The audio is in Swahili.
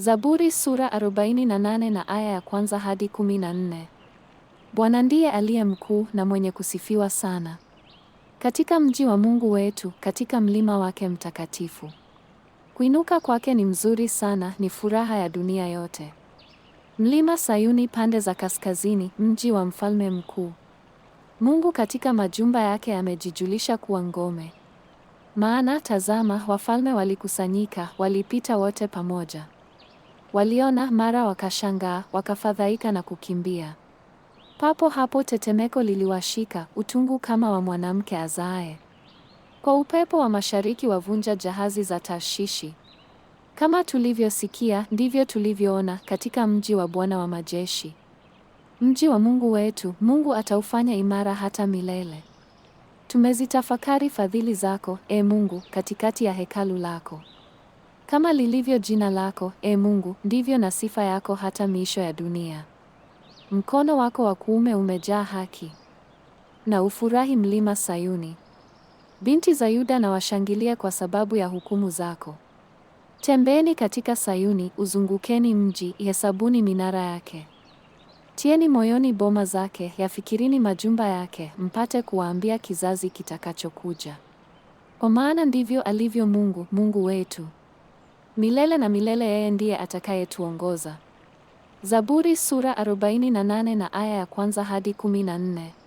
Zaburi sura 48 na aya ya kwanza hadi 14. Bwana ndiye aliye mkuu na mwenye kusifiwa sana. Katika mji wa Mungu wetu, katika mlima wake mtakatifu. Kuinuka kwake ni mzuri sana, ni furaha ya dunia yote. Mlima Sayuni pande za kaskazini, mji wa mfalme mkuu. Mungu katika majumba yake amejijulisha kuwa ngome. Maana tazama, wafalme walikusanyika, walipita wote pamoja. Waliona mara wakashangaa, wakafadhaika na kukimbia. Papo hapo tetemeko liliwashika, utungu kama wa mwanamke azae. Kwa upepo wa mashariki wavunja jahazi za Tarshishi. Kama tulivyosikia ndivyo tulivyoona katika mji wa Bwana wa majeshi. Mji wa Mungu wetu, Mungu ataufanya imara hata milele. Tumezitafakari fadhili zako, e Mungu, katikati ya hekalu lako. Kama lilivyo jina lako, e Mungu, ndivyo na sifa yako hata miisho ya dunia. Mkono wako wa kuume umejaa haki. Na ufurahi mlima Sayuni. Binti za Yuda na washangilie kwa sababu ya hukumu zako. Tembeeni katika Sayuni, uzungukeni mji, hesabuni minara yake. Tieni moyoni boma zake, yafikirini majumba yake, mpate kuwaambia kizazi kitakachokuja. Kwa maana ndivyo alivyo Mungu, Mungu wetu milele na milele yeye ndiye atakayetuongoza. Zaburi sura 48 na aya ya kwanza hadi 14.